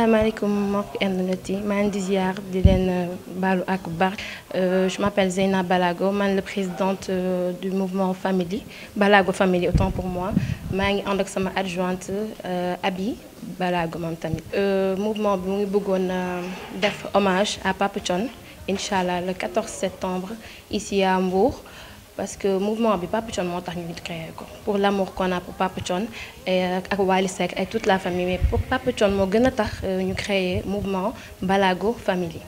Euh, euh, je m'appelle Zeyna Balago suis la présidente euh, du mouvement famille Balago famille autant pour moi Je suis ànd sama adjointe Abi Balago Le mouvement bi mu ngi hommage à Papa John. Inshallah le 14 septembre ici à Hambourg parce que le mouvement a été créé pour l'amour qu'on a pour Pape et euh, ak toute la famille mais pour Pape nous avons créé mouvement Balago Family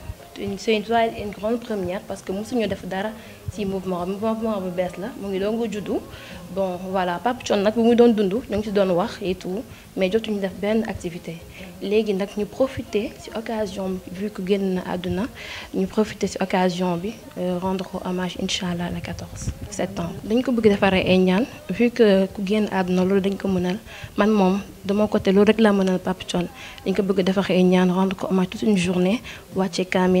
c'est une grande première parce que sommes def dara ci mouvement mouvement bu baisse la mu ngi doon ko bon voilà Pape Thion nous bu mu doon dund ñu ngi ci wax et tout mais jotuñu def belle activité. les nag nous profiter ci occasion vu que génn na àdduna ñu profiter ci occasion bi euh, rendre hommage à la 14 septembre. nous ko bëgg defaree ay ñaan vu que ku génn àdduna loolu dañ ko mënal man moom de mon côté loolu rek laa mënal Pape Thion dañ ko bëgg ay rendre hommage toute une journée wàcce kaamil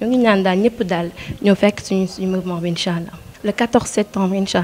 Nous ngi ñaan daal ñëpp daal ñoo fekk suñu suñu mouvement bi le 14 septembre incha